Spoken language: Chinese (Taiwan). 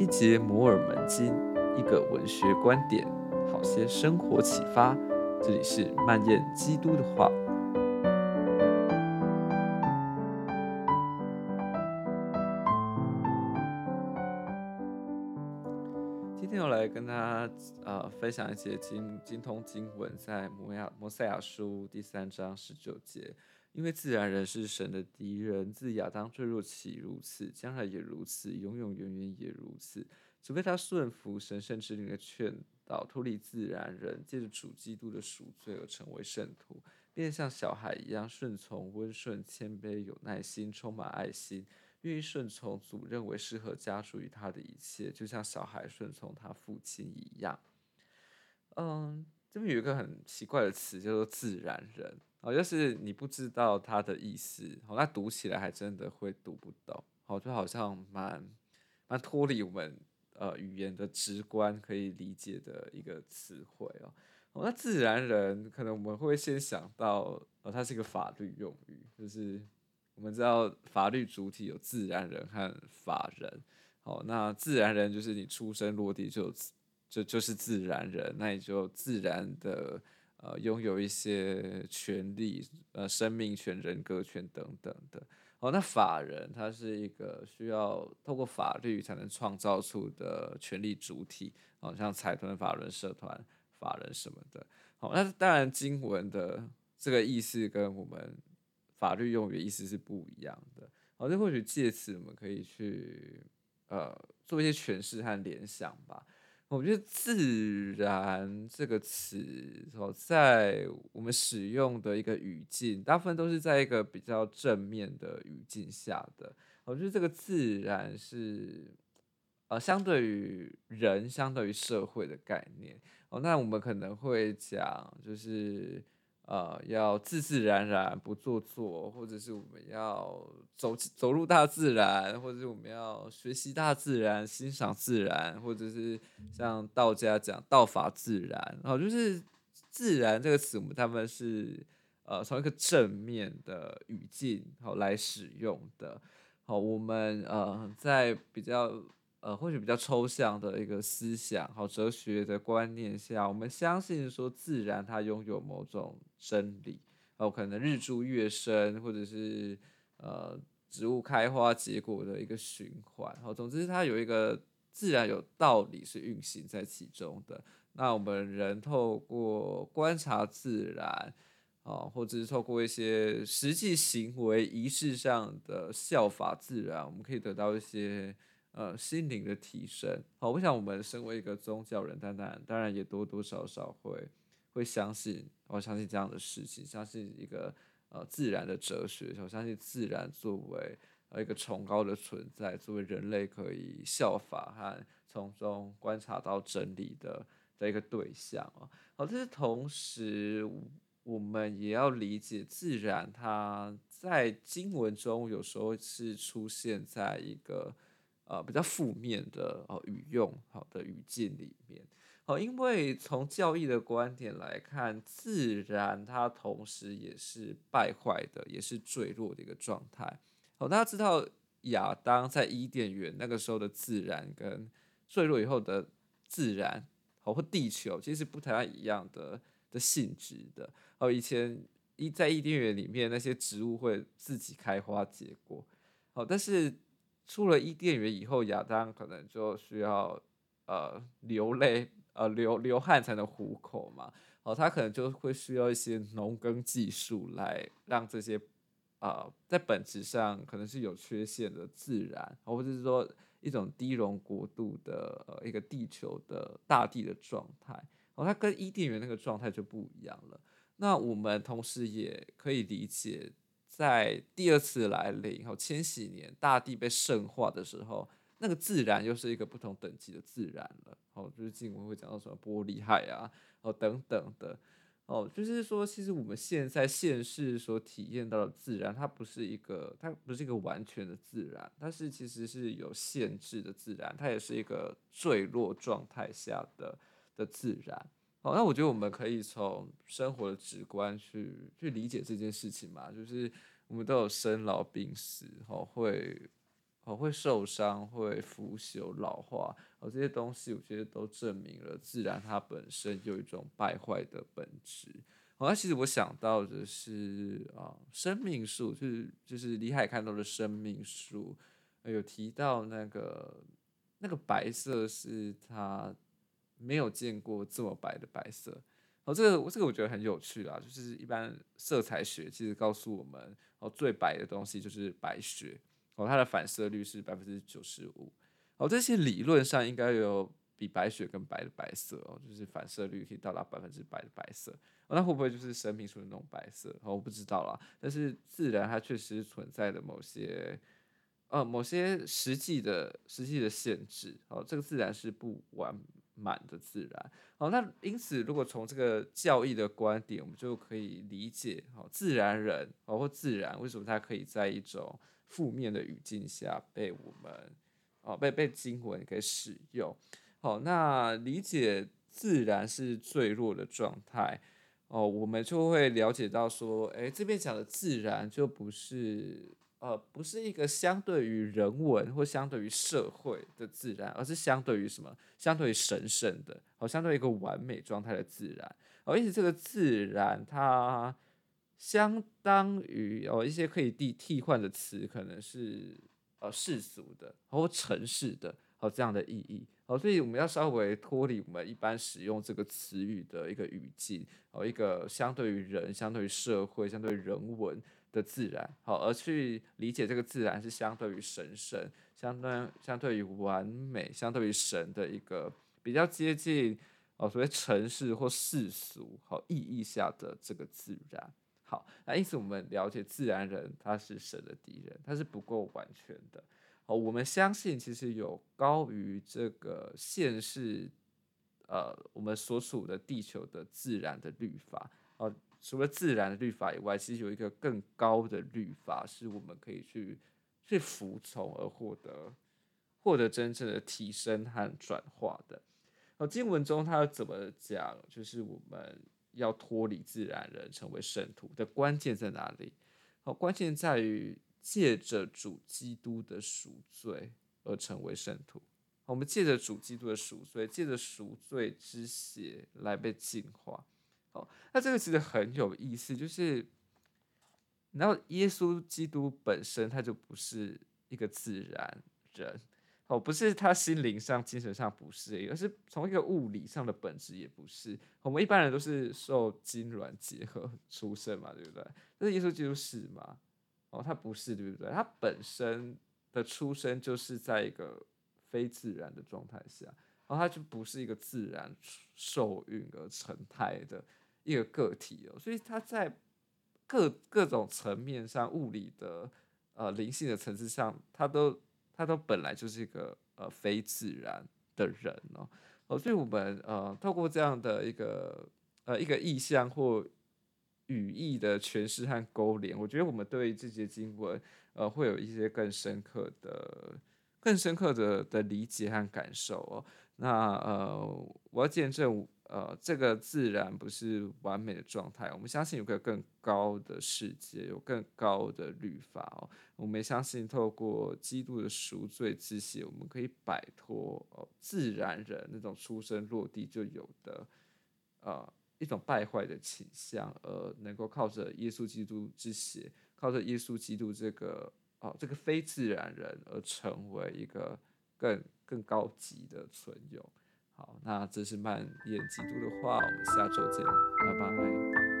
一節摩爾門經，一個文學觀點，好些生活啟發。這裡是蔓延基督的話。今天我來跟大家呃分享一些經精通經文，在摩亞摩賽亞書第三章十九節。因為自然人是神的敵人，自亞當墮落起如此，將來也如此，永永遠遠也如此，除非他順服神聖之靈的勸導，脫離自然人，借着主基督的贖罪而成為聖徒，變得像小孩一樣順從、溫順、謙卑、有耐心、充滿愛心，願意順從主認為適合加諸於他的一切，就像小孩順從他父親一樣。嗯，這邊有一個很奇怪的詞，叫做自然人。哦，就是你不知道它的意思，好、哦，那讀起來還真的會讀不懂，好、哦，就好像蠻蠻脫離我們呃語言的直觀可以理解的一個詞彙哦。哦，那自然人可能我們會先想到，哦，它是一個法律用語，就是我們知道法律主體有自然人和法人，好、哦，那自然人就是你出生落地就就就是自然人，那你就自然的。呃，擁有一些權利，呃，生命權、人格權等等的。哦，那法人他是一個需要透過法律才能創造出的權利主體，哦，像財團法人社、社團法人什麼的。好、哦，那當然，經文的這個意思跟我們法律用語的意思是不一樣的。好、哦，那或許借此我們可以去呃做一些詮釋和聯想吧。我覺得“自然”這個詞在我們使用的一個語境，大部分都是在一個比較正面的語境下的。我覺得這個“自然”是呃，相對於人、相對於社會的概念哦。那我們可能會講，就是。呃，要自自然然，不做作，或者是我們要走走入大自然，或者是我們要學習大自然，欣賞自然，或者是像道家講“道法自然”，好，就是“自然”這個詞，我們他們是呃從一個正面的語境，好，來使用的。好，我們呃在比較。呃，或許比較抽象的一個思想好，哲學的觀念下，我們相信說自然它擁有某種真理，哦，可能日出月升，或者是呃植物開花結果的一個循環，好，總之它有一個自然有道理是運行在其中的。那我們人透過觀察自然，啊，或者是透過一些實際行為、儀式上的效法自然，我們可以得到一些。呃，心靈的提升。好，我想我們身為一個宗教人，但當然當然也多多少少會會相信，我、哦、相信這樣的事情，相信一個呃自然的哲學，我相信自然作為呃一個崇高的存在，作為人類可以效法和從中觀察到真理的的一個對象啊。好，但是同時我們也要理解自然，它在經文中有時候是出現在一個。呃，比較負面的哦，語用好的語境裡面，好，因為從教義的觀點來看，自然它同時也是敗壞的，也是墜落的一個狀態。好，大家知道亞當在伊甸園那個時候的自然跟墜落以後的自然，好，或地球其實是不太一樣的的性質的。哦，以前在伊甸園裡面那些植物會自己開花結果，好，但是。出了伊甸園以後，亞當可能就需要呃流淚呃流流汗，才能糊口嘛。哦，他可能就會需要一些農耕技術來讓這些呃在本質上可能是有缺陷的自然，或者是說一種低榮國度的呃一個地球的大地的狀態。哦，它跟伊甸園那個狀態就不一樣了。那我們同時也可以理解。在第二次來臨後，哦，千禧年大地被聖化的時候，那個自然又是一個不同等級的自然了。哦，就是經文會講到什麼玻璃海啊，哦等等的。哦，就是說，其實我們現在現世所體驗到的自然，它不是一個，它不是一個完全的自然，它是其實是有限制的自然，它也是一個墜落狀態下的的自然。那我覺得我們可以從生活的直觀去去理解這件事情嘛，就是我們都有生老病死，好會好會受傷，會腐朽老化，好這些東西，我覺得都證明了自然它本身有一種敗壞的本質。好，那其實我想到的是啊，生命樹就是就是李海看到的生命樹，有提到那個那個白色是他。沒有見過這麼白的白色哦，這個我這個我覺得很有趣啦，就是一般色彩學其實告訴我們，哦，最白的東西就是白雪哦，它的反射率是百分之九十五哦。這些理論上應該有比白雪更白的白色哦，就是反射率可以到達百分之百的白色哦。那會不會就是生命樹的那種白色？哦，我不知道啦。但是自然它確實存在的某些呃某些實際的實際的限制哦，這個自然是不完。滿的自然，哦，那因此，如果從這個教義的觀點，我們就可以理解，好、哦，自然人，包、哦、括自然，為什麼他可以在一種負面的語境下被我們，哦，被被經文給使用，好、哦，那理解自然是墜落的狀態，哦，我們就會了解到說，哎、欸，這邊講的自然就不是。呃，不是一個相對於人文或相對於社會的自然，而是相對於什麼？相對於神聖的，哦，相對於一個完美狀態的自然。哦，意思這個自然它相當於有、哦、一些可以替替換的詞，可能是呃、哦、世俗的、哦，或城市的，或、哦、這樣的意義。哦，所以我們要稍微脫離我們一般使用這個詞語的一個語境，哦，一個相對於人、相對於社會、相對於人文。的自然好，而去理解這個自然是相對於神聖、相對相對於完美、相對於神的一個比較接近哦，所謂塵世或世俗好、哦，意義下的這個自然好。那因此我們了解自然人他是神的敵人，他是不夠完全的哦。我們相信其實有高於這個現世呃我們所處的地球的自然的律法哦。除了自然的律法以外，其實有一個更高的律法，是我們可以去去服從而獲得獲得真正的提升和轉化的。好，經文中它怎麼講？就是我們要脫離自然人，成為聖徒的關鍵在哪裡？好，關鍵在於借着主基督的贖罪而成為聖徒。我們借着主基督的贖罪，借着贖罪之血來被淨化。哦、那這個其實很有意思，就是，然後耶穌基督本身他就不是一個自然人，哦，不是他心靈上、精神上不是，而是從一個物理上的本質也不是。我們一般人都是受精卵結合出生嘛，對不對？但是耶穌基督是嗎？哦，他不是，對不對？他本身的出生就是在一個非自然的狀態下，哦、然後他就不是一個自然受孕而成胎的。一個個體哦，所以他在各各種層面上，物理的、呃靈性的層次上，他都他都本來就是一個呃非自然的人哦，哦，所以我們呃透過這樣的一個呃一個意象或語義的詮釋和勾連，我覺得我們對這些經文呃會有一些更深刻的、更深刻的的理解和感受哦。那呃，我要見證。呃，這個自然不是完美的狀態。我們相信有個更高的世界，有更高的律法哦。我們也相信，透過基督的贖罪之血，我們可以擺脫哦自然人那種出生落地就有的呃一種敗壞的傾向，而能夠靠着耶穌基督之血，靠着耶穌基督這個哦這個非自然人，而成為一個更更高級的存有。好，那這是漫延幾度的話，我們下週見，拜拜。